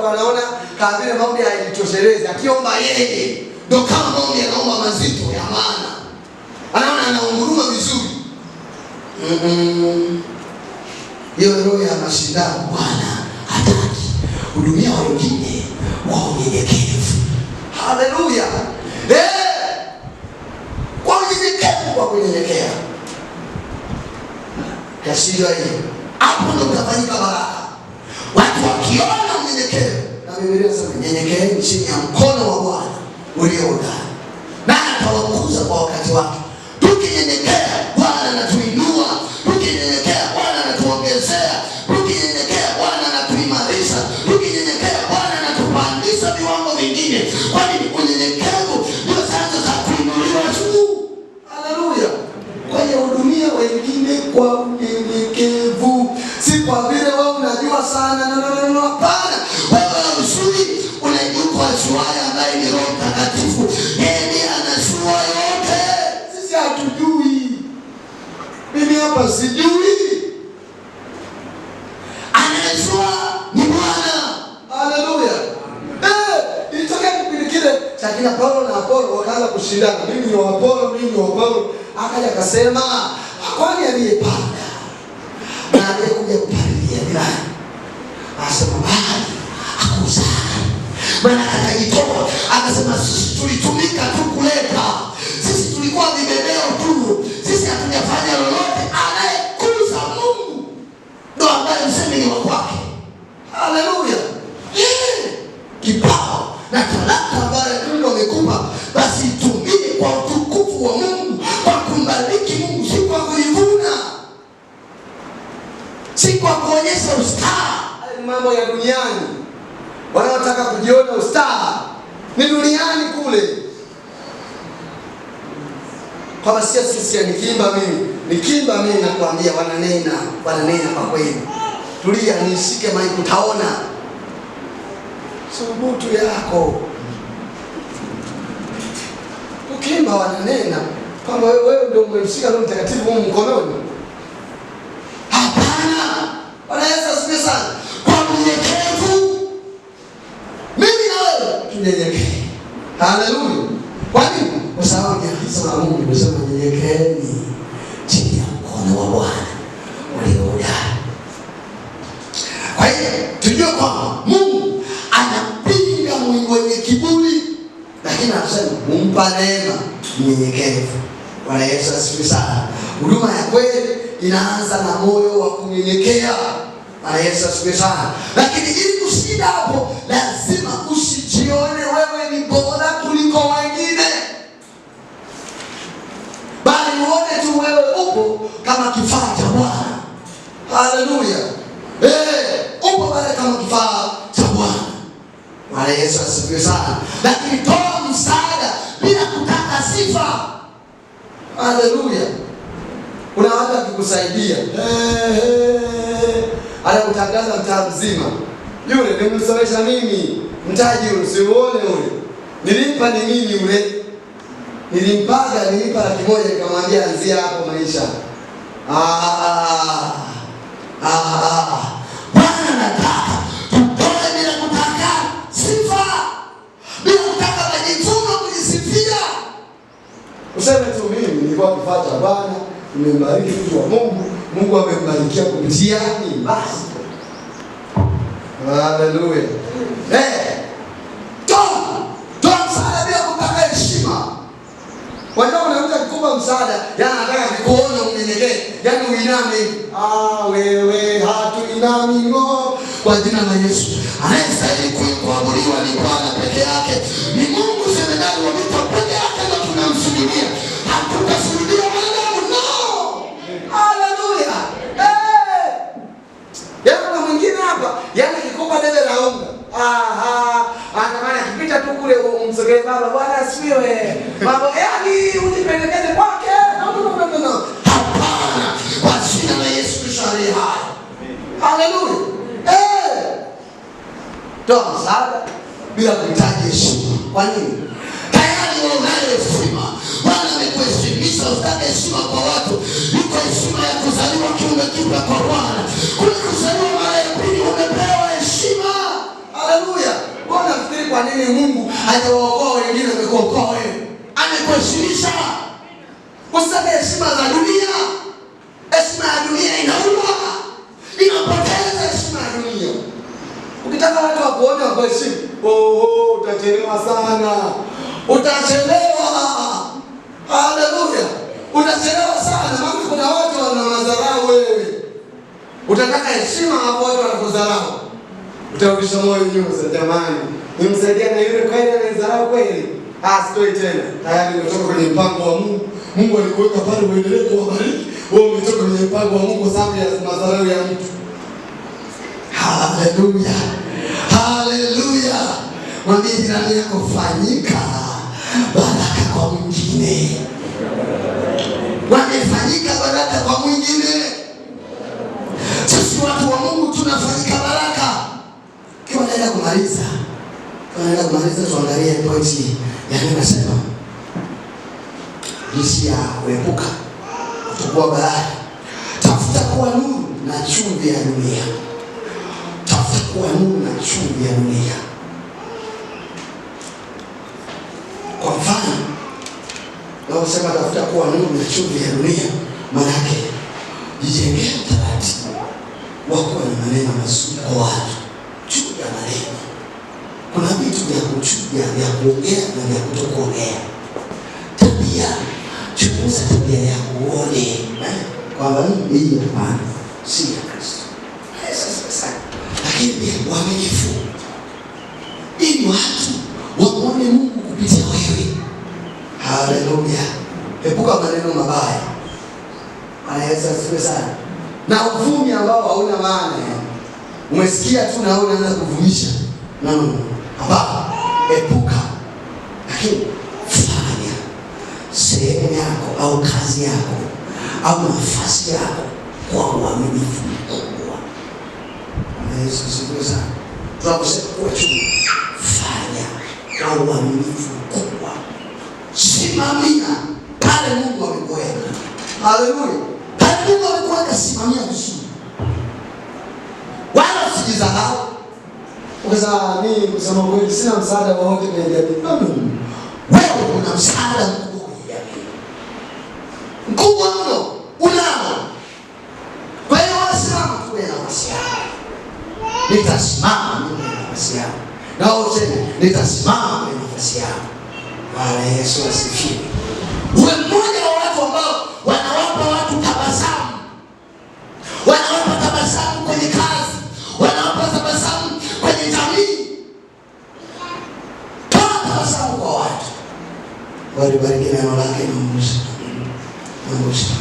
alikuwa anaona kama vile maombi hayajitoshelezi, akiomba yeye ndio kama maombi anaomba mazito ya maana, anaona anaunguruma vizuri. Hiyo mm -mm. roho ya mashindano Bwana hataki. Hudumia wengine kwa unyenyekevu. Haleluya, eh, kwa unyenyekevu, kwa kunyenyekea kashiwa hiyo, hapo ndo utafanyika baraka watu wakiona Biblia inasema nyenyekeeni chini ya mkono wa Bwana ulio hodari, naye atawakuza kwa wakati wake. Tukinyenye kwamba sijui. Anayejua ni Bwana. Haleluya. Eh, ilitokea kipindi kile cha kina Paulo na Apolo wakaanza kushindana. Mimi ni wa Apolo, mimi ni wa Apolo. Akaja akasema, kwani aliyepanda na aliyekuja waonyeshe ustaa. Mambo ya duniani, wanaotaka kujiona ustaa ni duniani kule, kama sio sisi. Nikimba mimi, nikimba mimi, nakwambia wananena, wananena kwa kweli. Tulia, nishike maiki, utaona subutu yako ukimba, wananena kwamba wewe ndio umemshika Roho Mtakatifu mkononi nyenyekee. Haleluya! Kwa nini? Kwa sababu ni agizo la Mungu kusema nyenyekeeni chini ya mkono wa Bwana ulio Kwa hiyo tujue kwamba Mungu anapinga mwenye kiburi, lakini anasema humpa neema mnyenyekevu. Bwana Yesu asifiwe sana. Huduma ya kweli inaanza na moyo wa kunyenyekea. Bwana Yesu asifiwe sana. Lakini ili kushinda hapo kama kifaa cha Bwana. Haleluya. Eh, upo pale kama kifaa cha Bwana. Bwana Yesu asifiwe sana. Lakini toa msaada bila kutaka sifa. Haleluya. Kuna watu wakikusaidia. Eh, eh. Anakutangaza mtaa mzima. Yule nimemsomesha mimi. Mtaji usiuone siuone ule. Nilipa ni nini ule? Nilimpaga nilipa laki moja nikamwambia anzia hapo maisha bila kutaka sifa, bila kutaka majivuno, kujisifia. Useme tu Mungu, Mungu amembarikia kupitia ni Haleluya. Eh, toa toa msaada bila kutaka heshima. Wanao anakupa msaada, yaani anataka kukuona unyenyekee, yani uiname. Ah, wewe hatuinami ngo, kwa jina la Yesu anayestahili kuabudiwa ni Bwana peke yake, ni Mungu semedani wa vita peke yake, na tunamsujudia, hatutasujudia wanadamu. No, haleluya. Yaani kuna mwingine hapa, yani kikopa debe la unga, aha, anamana kipita tu kule umsogee baba, bwana asifiwe, mambo yani toa msaada bila kuhitaji heshima. Kwa nini? Tayari wewe unayo heshima. Bwana amekuheshimisha usitake heshima kwa watu. Iko heshima ya kuzaliwa kiume kipya kwa Bwana. Kule kuzaliwa mara ya pili umepewa heshima. Haleluya. Bwana fikiri, kwa nini Mungu hajawaokoa wengine amekuokoa wewe? Amekuheshimisha. kwa sababu heshima za dunia. Heshima ya dunia inauma. hawaheshimu. Oh, oh, utachelewa sana, utachelewa. Haleluya, utachelewa sana, maana kuna watu wana wanadharau wewe. Utataka heshima, hapo watu wanakudharau, utarudisha moyo nyuza. Jamani, nimsaidia na yule kweli anadharau kweli, asitoi ah, tena, tayari umetoka kwenye mpango wa Mungu. Mungu alikuweka pale uendelee kuwabariki wewe, umetoka kwenye mpango wa Mungu sababu ya madharau ya mtu. Haleluya mwambie jirani yako, fanyika baraka kwa mwingine, wamefanyika baraka kwa mwingine. Sisi watu wa Mungu tunafanyika baraka. Kiwa naenda kumaliza, naenda kumaliza, tuangalie pointi yanayosema jinsi ya kuepuka kuchukua bahari. Tafuta kuwa nuru na chumvi ya dunia, tafuta kuwa nuru na chumvi ya dunia. kusema tafuta kuwa nuru na chumvi ya dunia, manake jijengee utaratibu wakuwa na maneno mazuri kwa watu, chuja maneno. Kuna vitu vya kuchuja, vya kuongea na vya kutokuongea. Tabia, chunguza tabia ya kuone eh? kwamba hii hii hapana, si ya Kristo. Eh, Lakini pia uaminifu, ili watu wamuone Mungu Haleluya. Epuka maneno mabaya, anaweza asiwe sana na uvumi ambao hauna maana. Eh. Umesikia tu na wewe unaanza kuvumisha na hapa, epuka. Lakini fanya sehemu yako au kazi yako au nafasi yako kwa uaminifu mkubwa. Anaweza asiwe sana, tunaposema kwa chini fanya kwa uaminifu mkubwa simamia pale Mungu amekuweka. Haleluya! Pale Mungu amekuweka, simamia vizuri, wala usijidharau. Ukasema mimi kusema kweli sina msaada wowote kwenye jamii, wewe una msaada mkubwa kwenye jamii, mkubwa mno unao. Kwa hiyo wasimama, tuwe na nafasi yao, nitasimama mimi na nafasi yao, na wote nitasimama kwenye nafasi yao Bwana Yesu asifiwe. Uwe mmoja wa watu ambao wanawapa watu tabasamu, wanawapa tabasamu kwenye kazi, wanawapa tabasamu kwenye jamii. Toa tabasamu kwa watu. Baribariki neno lake Mungu. Mungu.